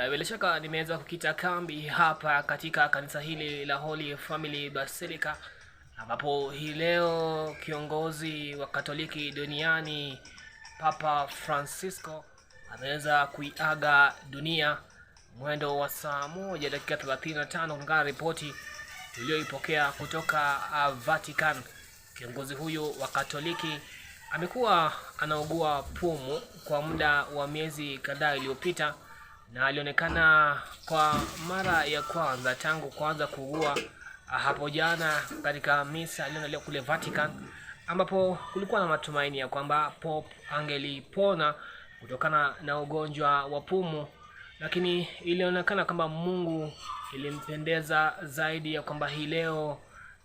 Uh, bila shaka nimeweza kukita kambi hapa katika kanisa hili la Holy Family Basilica ambapo hii leo kiongozi wa Katoliki duniani Papa Francisco ameweza kuiaga dunia mwendo wa saa moja dakika 35 kulingana na ripoti iliyoipokea kutoka ah, Vatican. Kiongozi huyu wa Katoliki amekuwa anaugua pumu kwa muda wa miezi kadhaa iliyopita na alionekana kwa mara ya kwanza tangu kuanza kuugua ah, hapo jana katika misa aliyoendelea kule Vatican, ambapo kulikuwa na matumaini ya kwamba Pop angelipona kutokana na ugonjwa wa pumu, lakini ilionekana kwamba Mungu ilimpendeza zaidi ya kwamba hii leo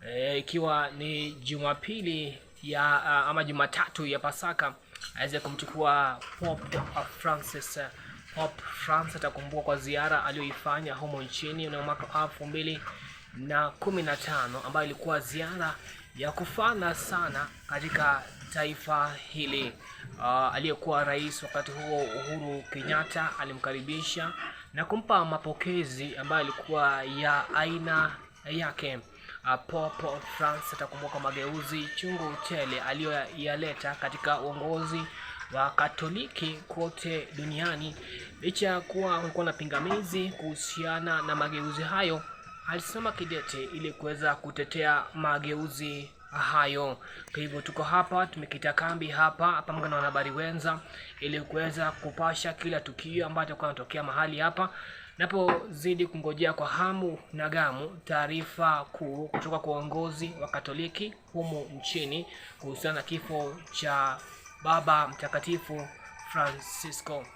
e, ikiwa ni Jumapili ya ah, ama Jumatatu ya Pasaka aweze kumchukua Pope Francis Pop France atakumbuka kwa ziara aliyoifanya humo nchini na mwaka elfu mbili na kumi na tano ambayo ilikuwa ziara ya kufana sana katika taifa hili. Uh, aliyekuwa rais wakati huo Uhuru Kenyatta alimkaribisha na kumpa mapokezi ambayo ilikuwa ya aina yake. Uh, ah, Pop France atakumbuka mageuzi chungu tele aliyoyaleta katika uongozi wa Katoliki kote duniani. Licha ya kuwa kulikuwa na pingamizi kuhusiana na mageuzi hayo, alisimama kidete ili kuweza kutetea mageuzi hayo. Kwa hivyo tuko hapa, tumekita kambi hapa pamoja na wanahabari wenza ili kuweza kupasha kila tukio ambacho kwa natokea mahali hapa, napozidi kungojea kwa hamu na gamu taarifa kuu kutoka kwa uongozi wa Katoliki humu nchini kuhusiana na kifo cha Baba Mtakatifu Francisco.